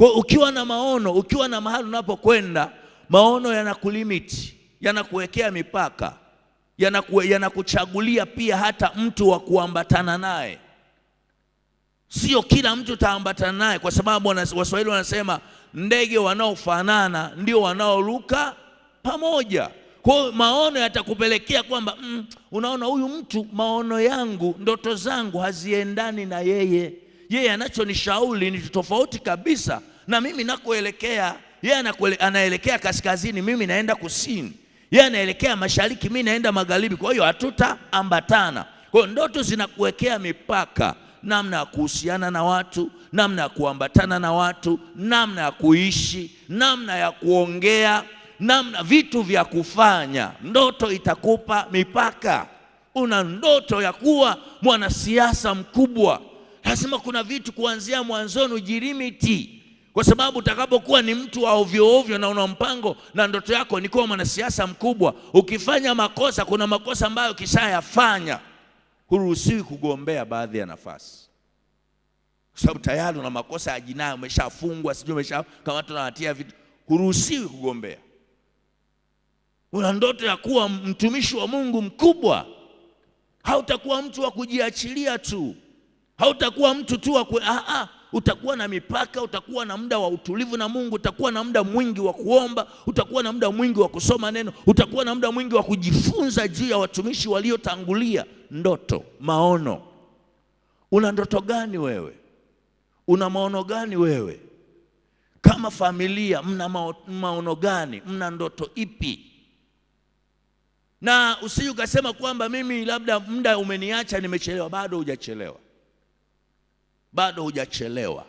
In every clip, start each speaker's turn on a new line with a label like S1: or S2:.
S1: Kwa ukiwa na maono, ukiwa na mahali unapokwenda, maono yanakulimiti, yanakuwekea mipaka, yanakuchagulia yana pia hata mtu wa kuambatana naye. Sio kila mtu taambatana naye, kwa sababu Waswahili wanasema ndege wanaofanana ndio wanaoruka pamoja. Kwa hiyo maono yatakupelekea kwamba mm, unaona huyu mtu maono yangu, ndoto zangu haziendani na yeye yeye anachonishauri ni tofauti kabisa na mimi nakoelekea, yeye anaelekea kaskazini, mimi naenda kusini, yeye anaelekea mashariki, mimi naenda magharibi. Kwa hiyo hatutaambatana. Kwa hiyo ndoto zinakuwekea mipaka, namna ya kuhusiana na watu, namna ya kuambatana na watu, namna ya kuishi, namna ya kuongea, namna vitu vya kufanya. Ndoto itakupa mipaka. Una ndoto ya kuwa mwanasiasa mkubwa, lazima kuna vitu kuanzia mwanzoni ujilimiti kwa sababu utakapokuwa ni mtu wa ovyo ovyo na una mpango na ndoto yako ni kuwa mwanasiasa mkubwa, ukifanya makosa, kuna makosa ambayo ukishayafanya huruhusiwi kugombea baadhi ya nafasi, kwa sababu tayari una makosa ya jinai, umeshafungwa, sijui kama na hatia vitu, huruhusiwi kugombea. Una ndoto ya kuwa mtumishi wa Mungu mkubwa, hautakuwa mtu wa kujiachilia tu, hautakuwa mtu tu wa ku... Ah, ah, utakuwa na mipaka, utakuwa na muda wa utulivu na Mungu, utakuwa na muda mwingi wa kuomba, utakuwa na muda mwingi wa kusoma neno, utakuwa na muda mwingi wa kujifunza juu ya watumishi waliotangulia. Ndoto, maono. Una ndoto gani wewe? Una maono gani wewe? Kama familia mna maono gani? Mna ndoto ipi? Na usiji ukasema kwamba mimi labda muda umeniacha, nimechelewa. Bado hujachelewa bado hujachelewa,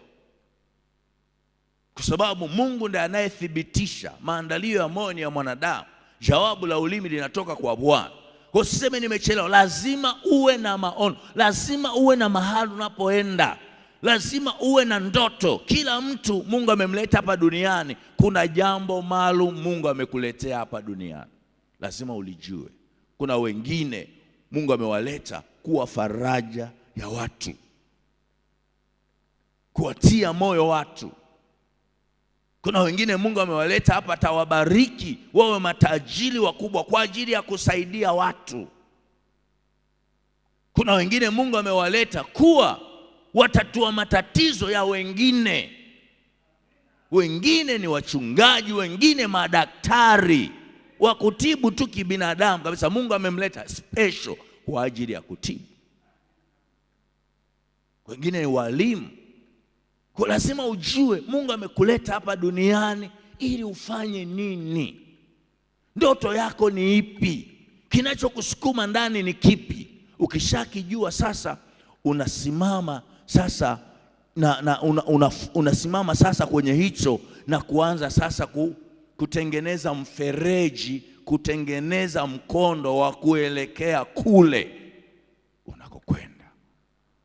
S1: kwa sababu Mungu ndiye anayethibitisha maandalio ya moyo ni ya mwanadamu. Jawabu la ulimi linatoka kwa Bwana. Kwa usiseme nimechelewa. Lazima uwe na maono, lazima uwe na mahali unapoenda, lazima uwe na ndoto. Kila mtu Mungu amemleta hapa duniani, kuna jambo maalum Mungu amekuletea hapa duniani, lazima ulijue. Kuna wengine Mungu amewaleta kuwa faraja ya watu kuwatia moyo watu. Kuna wengine Mungu amewaleta hapa, atawabariki wawe matajiri wakubwa kwa ajili ya kusaidia watu. Kuna wengine Mungu amewaleta kuwa watatua matatizo ya wengine. Wengine ni wachungaji, wengine madaktari wa kutibu tu kibinadamu kabisa. Mungu amemleta special kwa ajili ya kutibu. Wengine ni walimu Lazima ujue Mungu amekuleta hapa duniani ili ufanye nini? Ndoto yako ni ipi? Kinachokusukuma ndani ni kipi? Ukishakijua sasa, unasimama sasa na, na una, una, unasimama sasa kwenye hicho na kuanza sasa ku, kutengeneza mfereji, kutengeneza mkondo wa kuelekea kule.